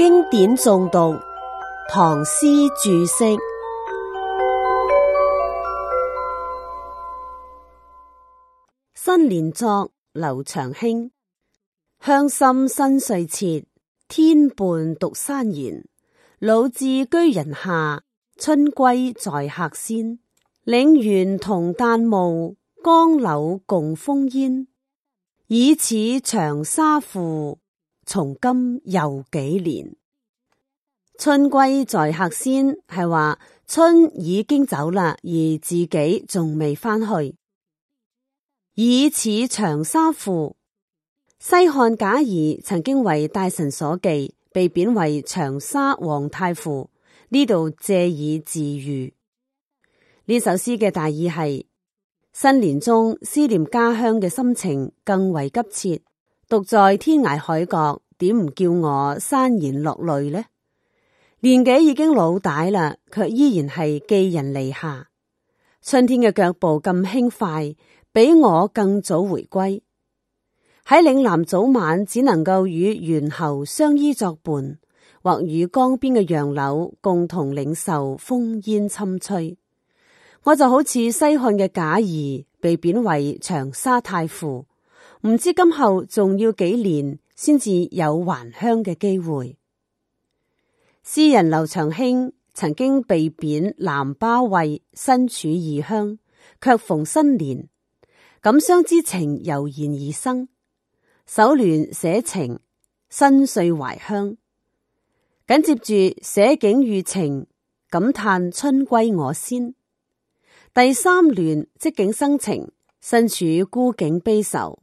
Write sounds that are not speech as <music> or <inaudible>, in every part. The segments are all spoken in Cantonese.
經典誦讀，唐詩注釋。新年作，劉長卿。鄉心新歲切，天畔獨潸然。老至居人下，春歸在客先。嶺猿同旦暮，江柳共風煙。已似長沙傅。從今又幾年？春歸在客先，係話春已經走啦，而自己仲未翻去。以此長沙傅，西漢賈誼曾經為大臣所忌，被貶為長沙王太傅。呢度借以自喻。呢首詩嘅大意係新年中思念家鄉嘅心情更為急切。獨在天涯海角，點唔叫我潸然落淚呢？年紀已經老大啦，卻依然係寄人籬下。春天嘅腳步咁輕快，比我更早回歸。喺嶺南早晚，只能夠與猿猴相依作伴，或與江邊嘅楊柳共同領受風煙侵吹。我就好似西漢嘅賈誼，被貶為長沙太傅。唔知今後仲要幾年先至有還鄉嘅機會。詩人劉長卿曾經被貶南巴衛，身處異鄉，却逢新年，感傷之情油然而生。首聯寫情，新歲懷鄉；緊接住寫景遇情，感嘆春歸我先。第三聯即景生情，身處孤景悲愁。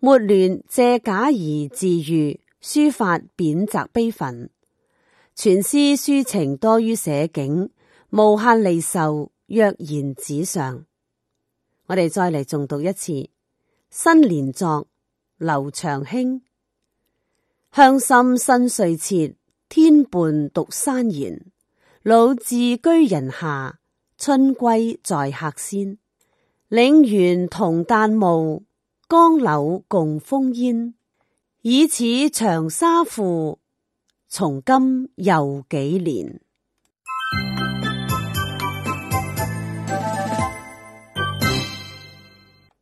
末聯借假而自喻，抒發貶謫悲憤。全詩抒情多於寫景，無限離愁，躍然紙上。我哋再嚟重讀一次。新年作劉長卿：鄉心新歲切，天畔獨潸然。老至居人下，春歸在客先。嶺猿同旦暮。江柳共風煙，以此長沙賦。從今又幾年？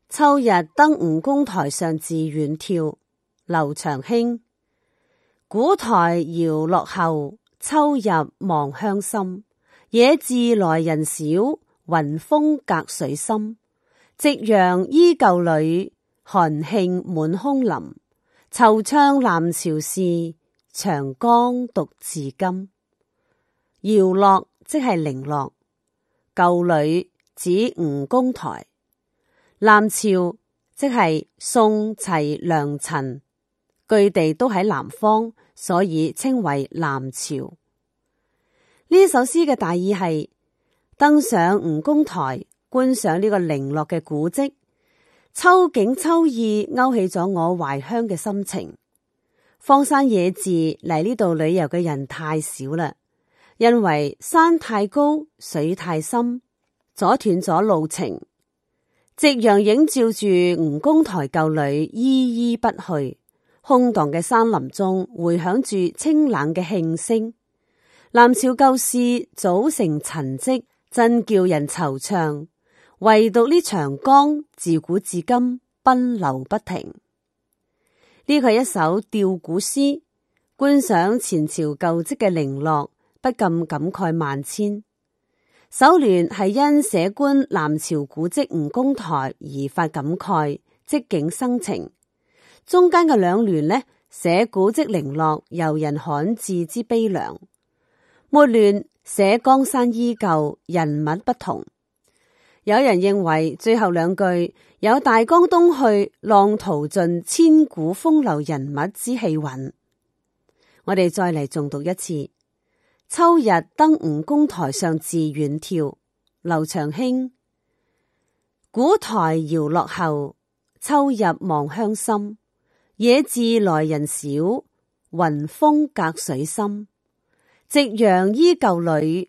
秋日登吳公台上，寺遠眺。劉長卿：古台搖落後，秋日望鄉心。野寺來人少，雲峰隔水深。夕陽依舊壘。寒磬滿空林，惆悵南朝事，長江獨至今。搖落即係零落，舊壘指吳公台。南朝即係宋齊梁陳，據地都喺南方，所以稱為南朝。呢首詩嘅大意係登上吳公台觀賞呢個零落嘅古跡。秋景秋意勾起咗我懷鄉嘅心情，荒山野寺嚟呢度旅遊嘅人太少啦，因為山太高、水太深，阻斷咗路程。夕陽映照住吳公台舊里，依依不去，空蕩嘅山林中回響住清冷嘅磬聲。南朝舊事早成塵迹，真叫人惆悵。唯獨呢長江自古至今奔流不停。呢個係一首吊古詩，觀賞前朝舊跡嘅零落，不禁感慨萬千。首聯係因寫觀南朝古跡吳公台而發感慨，即景生情。中間嘅兩聯呢，寫古跡零落、遊人罕至之悲涼。末聯寫江山依舊，人物不同。有人認為最後兩句有大江東去浪淘盡，千古風流人物之氣韻。我哋再嚟重讀一次《秋日登吳公台上寺遠眺》，劉長卿。古台搖落後，秋日望鄉心。野寺來人少，雲峰隔水深。夕陽依舊壘，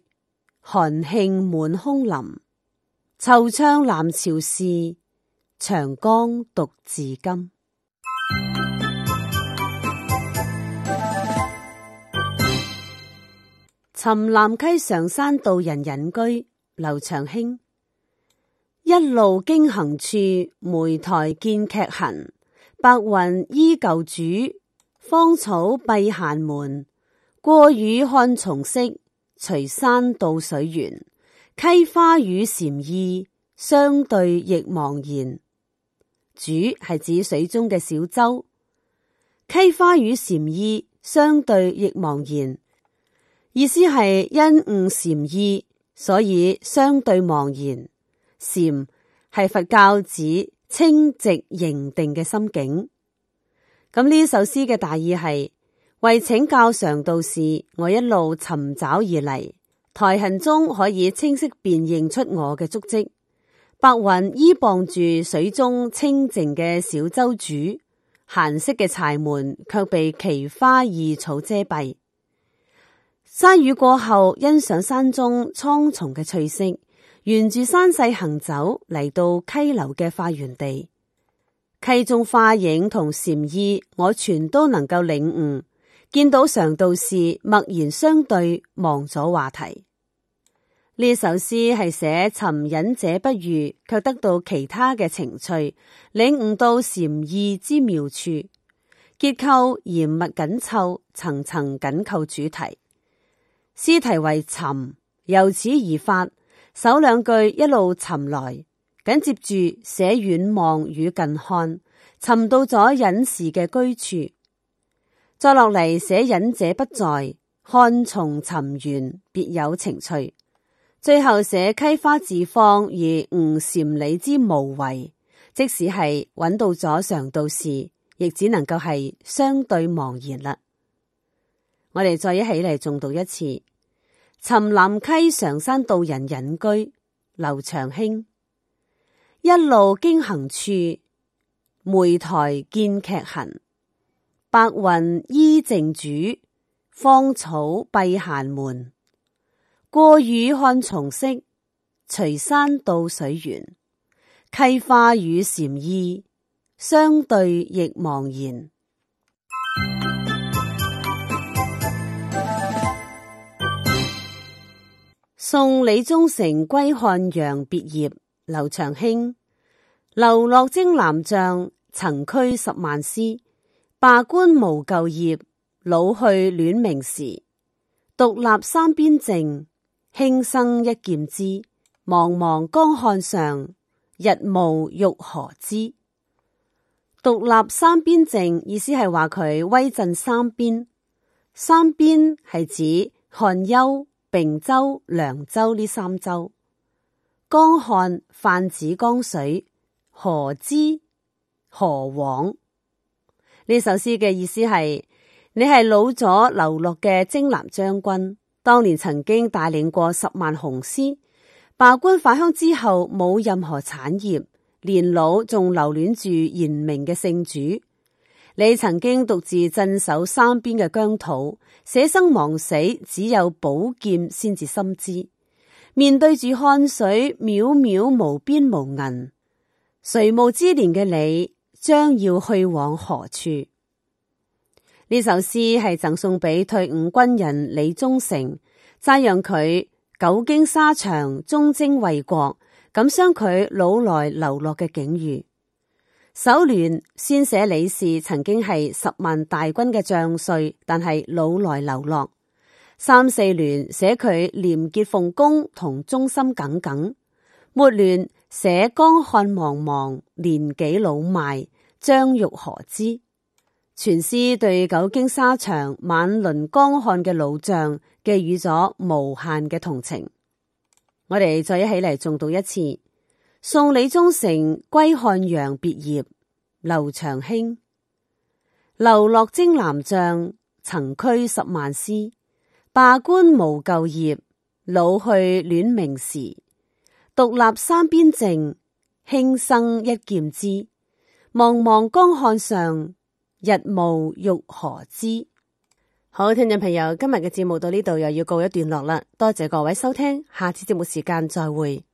寒磬滿空林。惆悵南朝事，長江獨自今。尋南溪常山道人隱居，劉長卿。一路經行處，莓苔見屐痕。白雲依舊主，芳草閉閑門。過雨看松色，隨山到水源。溪花與禪意相對亦忘言，渚係指水中嘅小洲。溪花與禪意相對亦忘言，意思係因悟禪意，所以相對忘言。禪係佛教指清淨認定嘅心境。咁呢首詩嘅大意係為請教常道士，我一路尋找而嚟。苔痕中可以清晰辨認出我嘅足迹，白雲依傍住水中清靜嘅小舟，主閒適嘅柴門卻被奇花異草遮蔽。山雨過後，欣賞山中蒼叢嘅翠色，沿住山勢行走嚟到溪流嘅發源地，溪中花影同禪意，我全都能夠領悟。見到常道士默然相對，忘咗話題。呢首詩係寫尋隱者不遇，卻得到其他嘅情趣，領悟到禪意之妙處。結構嚴密緊湊，層層緊扣主題。詩題為《尋》，由此而發。首兩句一路尋來，緊接住寫遠望與近看，尋到咗隱士嘅居處。再落嚟寫隱者不在，看從尋緣，別有情趣。最後寫溪花自放而悟禪理之無為，即使係揾到咗常道士，亦只能夠係相對茫然啦。我哋再一起嚟重讀一次：尋南溪常山道人隱居，劉長卿。一路經行處，莓苔見屐痕。白雲依靜渚，芳草閉閑門。過雨看松色，隨山到水源。溪花與禪意相對亦，亦忘言。送 <noise> 李中丞歸漢陽別業，劉長卿。流落征南將，曾驅十萬師。罷官無舊業，老去戀明時。獨立三邊靜。輕生一劍之，茫茫江漢上，日暮欲何之？獨立三邊靜，意思係話佢威震三邊。三邊係指漢幽、并州、涼州呢三州。江漢泛指江水，何之？何往？呢首詩嘅意思係，你係老咗流落嘅征南將軍。當年曾經帶領過十萬雄師，罷官返鄉之後冇任何產業，年老仲留戀住賢明嘅聖主。你曾經獨自鎮守三邊嘅疆土，捨生忘死，只有寶劍先至深知。面對住汗水渺渺無邊無垠，垂暮之年嘅你，將要去往何處？呢首詩係贈送俾退伍軍人李中丞，讚揚佢久經沙場、忠貞為國，感傷佢老來流落嘅境遇。首聯先寫李氏曾經係十萬大軍嘅將帥，但係老來流落。三四聯寫佢廉潔奉公同忠心耿耿。末聯寫江漢茫茫茫，年紀老邁，將欲何之？全詩對久經沙場、晚輪江漢嘅老將寄予咗無限嘅同情。我哋再一起嚟誦讀一次《送李宗成歸漢陽別業》劉興，劉長卿。流落征南將，曾驅十萬師。罷官無舊業，老去戀明時。獨立三邊靜，輕生一劍知。茫茫江漢上。日暮欲何之？好，聽眾朋友，今日嘅節目到呢度又要告一段落啦，多謝各位收聽，下次節目時間再會。